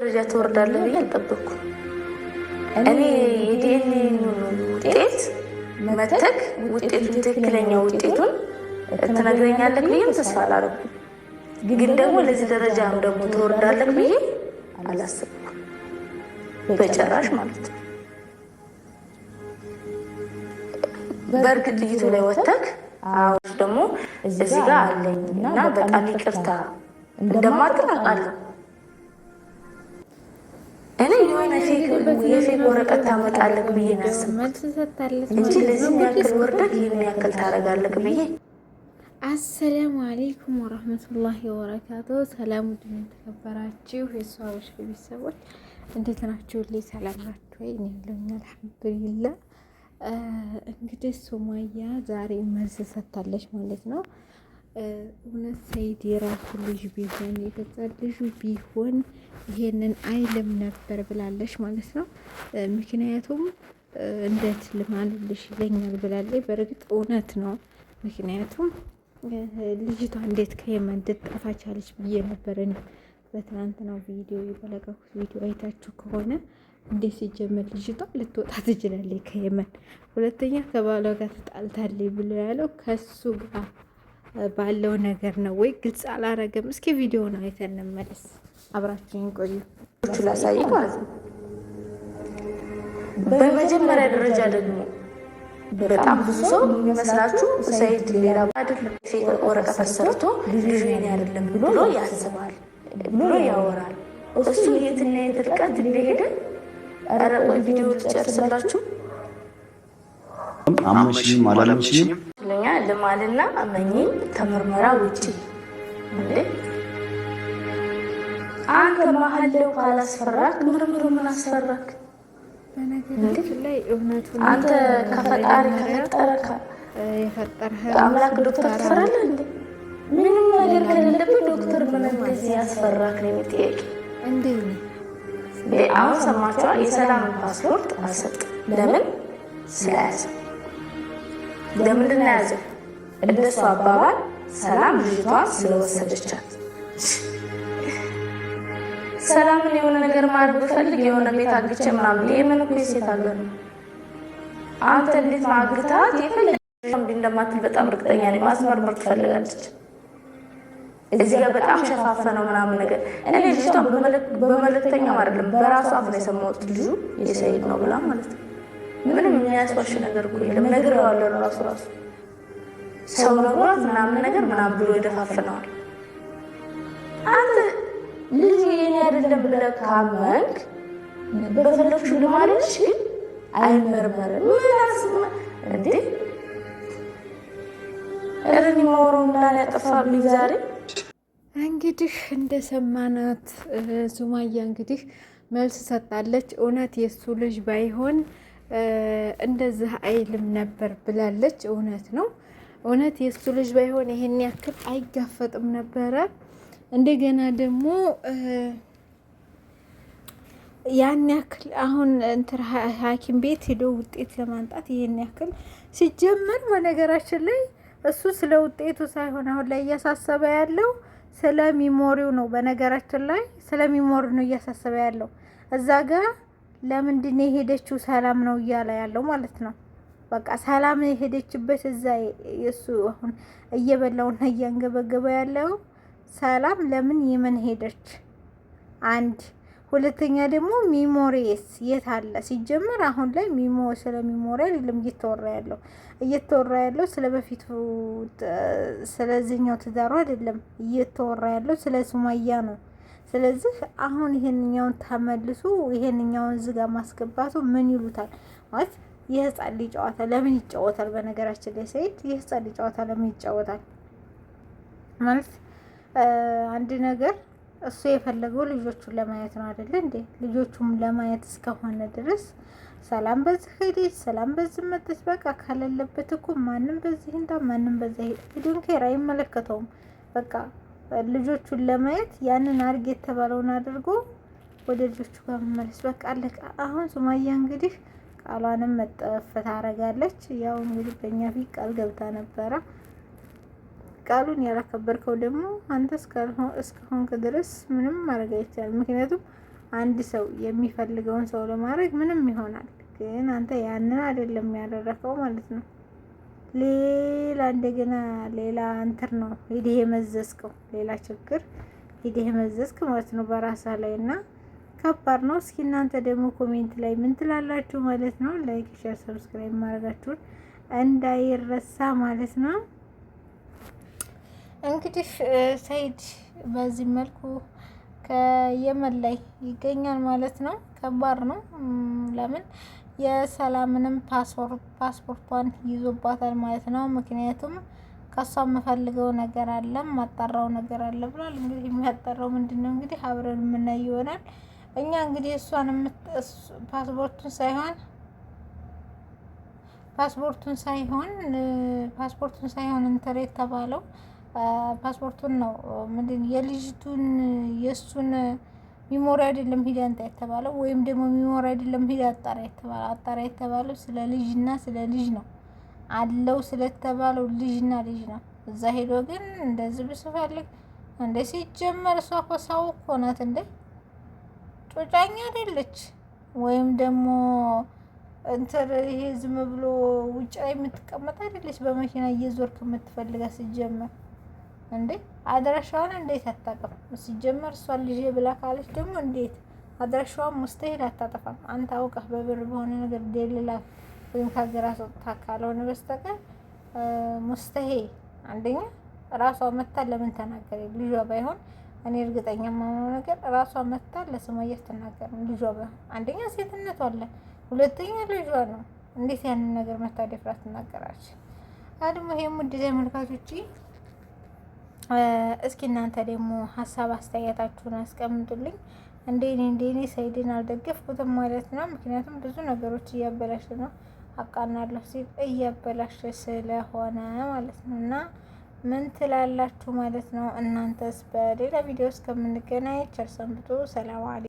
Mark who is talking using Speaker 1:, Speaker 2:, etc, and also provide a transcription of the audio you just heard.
Speaker 1: ደረጃ ትወርዳለህ ብዬ አልጠበኩም። እኔ የዲኤንኤ ውጤት መተክ ውጤቱ ትክክለኛ ውጤቱን ትነግረኛለህ ብዬም ተስፋ አላረኩም። ግን ደግሞ ለዚህ ደረጃም ደግሞ ትወርዳለህ ብዬ አላሰብኩም በጨራሽ ማለት ነው። በእርግጥ ልይቱ ላይ ወተክ አሁን ደግሞ እዚህ ጋር አለኝ እና በጣም ይቅርታ እንደማትል አውቃለሁ እኔ የሆነ የፌክ ወረቀት ታመጣለህ ብዬ ናስመልስ እንጂ ለዚህ ያክል ወርደህ ይህን ያክል ታደርጋለህ ብዬ
Speaker 2: አሰላሙ አሌይኩም ወረህመቱላሂ ወበረካቱ። ሰላም ውድን የተከበራችሁ የሰዋዎች ቤተሰቦች እንዴት ናችሁ? ልይ ሰላም ናችሁ ወይ? ኔለኛ አልሐምዱሊላ። እንግዲህ ሱማያ ዛሬ መልስ ሰጥታለች ማለት ነው። እውነት ሰይድ የራሱ ልጅ ቢሆን የገዛ ልጁ ቢሆን ይሄንን አይልም ነበር ብላለች ማለት ነው። ምክንያቱም እንዴት ልማልልሽ ይለኛል ብላለች። በእርግጥ እውነት ነው። ምክንያቱም ልጅቷ እንዴት ከየመን ልትጠፋ ቻለች ብዬ ነበር በትናንትናው ቪዲዮ የተለቀኩት ቪዲዮ አይታችሁ ከሆነ እንዴት ሲጀመር ልጅቷ ልትወጣ ትችላለች ከየመን። ሁለተኛ ከባሏ ጋር ተጣልታለች ብሎ ያለው ከሱ ጋር ባለው ነገር ነው ወይ ግልጽ አላረገም። እስኪ ቪዲዮ ነው አይተን እንመለስ። አብራችሁን
Speaker 1: ቆዩ። ላሳይ ማለት ነው። በመጀመሪያ ደረጃ ደግሞ በጣም ብዙ ሰው የሚመስላችሁ ሰይድ ሌላ አይደለም፣ ፌክ ወረቀት አሰርቶ ልጅ አይደለም ብሎ ያስባል ብሎ ያወራል። እሱ የትና የት ርቀት እንደሄደ ኧረ ቆይ ቪዲዮ ትጨርስላችሁ።
Speaker 3: አመችኝም አላመችኝም
Speaker 1: ይጨልማልና እመኚኝ ከምርመራ ውጪ አንተ መሀለው ካላስፈራክ ምርምሩ ምን አስፈራክ? አንተ ከፈጣሪ ከፈጠረ አምላክ ዶክተር ትፈራለህ እንዴ? ምንም ነገር ከሌለበት ዶክተር ምን እንደዚህ ያስፈራክ ነው የሚጠየቅ። አሁን ሰማችኋ? የሰላም ፓስፖርት አልሰጥም። ለምን ስለያዘ ለምንድን ነው ያዘው? እንደሱ አባባል ሰላም ልጅቷን ስለወሰደቻት ሰላምን የሆነ ነገር ማድረግ ብፈልግ የሆነ ቤት አግቼ ምናምን የምን እኮ የሴት አለ ነው። አንተ እንዴት ማግታት የፈለግ እንደማትል በጣም እርግጠኛ ነኝ። ማስመርመር ትፈልጋለች። እዚህ ጋር በጣም ሸፋፈነው ምናምን ነገር እኔ ልጅቷን በመልእክተኛው አይደለም በራሷ አፍ ነው የሰማሁት። ልጁ የሰይድ ነው ብላ ማለት ነው። ምንም የሚያስዋሽ ነገር እኮ የለም። ነግሬዋለሁ ራሱ ራሱ ሰው ረግሯት ምናምን ነገር ምናምን ብሎ ይደፋፍነዋል። አንተ ልጅ የኔ አይደለም ብለህ ካመንክ በፈለግሽው ልማለች፣ ግን አይመርመርም። ምናስ ረኒ ማወሮ ምናን ያጠፋብኝ ዛሬ
Speaker 2: እንግዲህ እንደሰማናት ሱማያ እንግዲህ መልስ ሰጣለች። እውነት የእሱ ልጅ ባይሆን እንደዚህ አይልም ነበር ብላለች። እውነት ነው። እውነት የእሱ ልጅ ባይሆን ይሄን ያክል አይጋፈጥም ነበረ። እንደገና ደግሞ ያን ያክል አሁን እንትን ሐኪም ቤት ሄዶ ውጤት ለማምጣት ይሄን ያክል ሲጀመር፣ በነገራችን ላይ እሱ ስለ ውጤቱ ሳይሆን አሁን ላይ እያሳሰበ ያለው ስለ ሚሞሪው ነው። በነገራችን ላይ ስለ ሚሞሪው ነው እያሳሰበ ያለው እዛ ጋር ለምንድን የሄደችው ሰላም ነው እያለ ያለው ማለት ነው። በቃ ሰላም የሄደችበት እዛ የእሱ አሁን እየበላውና እያንገበገበ ያለው ሰላም ለምን የመን ሄደች? አንድ ሁለተኛ ደግሞ ሚሞሪስ የት አለ? ሲጀመር አሁን ላይ ሚሞ ስለ ሚሞሪ አይደለም እየተወራ ያለው እየተወራ ያለው ስለ በፊቱ ስለዚህኛው ትዳሩ አይደለም እየተወራ ያለው ስለ ሱማያ ነው። ስለዚህ አሁን ይሄንኛውን ተመልሶ ይሄንኛውን ዝጋ ማስገባቱ ምን ይሉታል ማለት የህፃን ልጅ ጨዋታ ለምን ይጫወታል? በነገራችን ላይ ሰኢድ የህፃን ልጅ ጨዋታ ለምን ይጫወታል? ማለት አንድ ነገር እሱ የፈለገው ልጆቹን ለማየት ነው አይደለ እንዴ? ልጆቹም ለማየት እስከሆነ ድረስ ሰላም በዚህ ሄደች፣ ሰላም በዚህ መጥተች፣ በቃ ካለለበት እኮ ማንም በዚህ እንዳ ማንም በዚህ ሄደ ኬር አይመለከተውም። በቃ ልጆቹን ለማየት ያንን አርግ የተባለውን አድርጎ ወደ ልጆቹ ጋር መመለስ በቃ አለቀ። አሁን ሱማያ እንግዲህ ቃሏንም መጠፍ ታረጋለች ያው እንግዲህ በእኛ ፊት ቃል ገብታ ነበረ። ቃሉን ያላከበርከው ደግሞ አንተ እስከሆንክ ድረስ ምንም ማድረግ አይቻልም። ምክንያቱም አንድ ሰው የሚፈልገውን ሰው ለማድረግ ምንም ይሆናል፣ ግን አንተ ያንን አይደለም ያደረከው ማለት ነው። ሌላ እንደገና ሌላ አንትር ነው ሂደህ የመዘዝከው ሌላ ችግር ሂደህ የመዘዝክ ማለት ነው በራስህ ላይ እና ከባድ ነው። እስኪ እናንተ ደግሞ ኮሜንት ላይ ምን ትላላችሁ ማለት ነው። ላይክ፣ ሼር፣ ሰብስክራይብ ማድረጋችሁን እንዳይረሳ ማለት ነው። እንግዲህ ሰይድ በዚህ መልኩ ከየመን ላይ ይገኛል ማለት ነው። ከባድ ነው። ለምን የሰላምንም ፓስፖርቷን ይዞባታል ማለት ነው። ምክንያቱም ከሷ የምፈልገው ነገር አለ፣ ማጣራው ነገር አለ ብሏል። እንግዲህ የሚያጣራው ምንድን ነው? እንግዲህ አብረን የምናይ ይሆናል። እኛ እንግዲህ እሷን ፓስፖርቱን ሳይሆን ፓስፖርቱን ሳይሆን ፓስፖርቱን ሳይሆን እንትን የተባለው ፓስፖርቱን ነው። ምንድን የልጅቱን የእሱን ሚሞሪ አይደለም ሂዳ እንታ የተባለው ወይም ደግሞ ሚሞሪ አይደለም ሂዳ አጣራ የተባለው አጣራ የተባለው ስለ ልጅና ስለ ልጅ ነው አለው ስለተባለው ልጅና ልጅ ነው። እዛ ሄዶ ግን እንደዚህ ብስፈልግ እንደ ሲጀመር እሷ እኮ ሰው እኮ ናት እንደ ጮጫኛ አይደለች ወይም ደግሞ እንትን ይሄ ዝም ብሎ ውጭ ላይ የምትቀመጥ አይደለች። በመኪና እየዞርክ የምትፈልጋ ሲጀመር እንዴ አድራሻዋን እንዴት አታጠፋም? ሲጀመር እሷን ልጄ ብላ ካለች ደግሞ እንዴት አድራሻዋን ሙስተሄድ አታጠፋም? አንተ አውቀህ በብር በሆነ ነገር ደልላ ወይም ከሀገር አስወጥታ ካልሆነ በስተቀር ሙስተሄ አንደኛ ራሷ መታ ለምን ተናገረ ልጇ ባይሆን እኔ እርግጠኛ የማሆነው ነገር ራሷ መታ ለሱመያ ስትናገር ነው። ልጇ አንደኛ ሴትነቷ አለ፣ ሁለተኛ ልጇ ነው። እንዴት ያንን ነገር መታ ደፍራ ትናገራለች? አድሞ ይሄም ውድ ተመልካቾች እስኪ እናንተ ደግሞ ሀሳብ አስተያየታችሁን አስቀምጡልኝ። እንዴኔ እኔ ሰይድን እኔ ሰኢድን አልደገፍኩትም ማለት ነው። ምክንያቱም ብዙ ነገሮች እያበላሽ ነው፣ አቃናለሁ ሲል እያበላሽ ስለሆነ ማለት ነው እና ምን ትላላችሁ ማለት ነው? እናንተስ በሌላ ቪዲዮ እስከምንገናኝ ቸር ሰንብቱ። ሰላም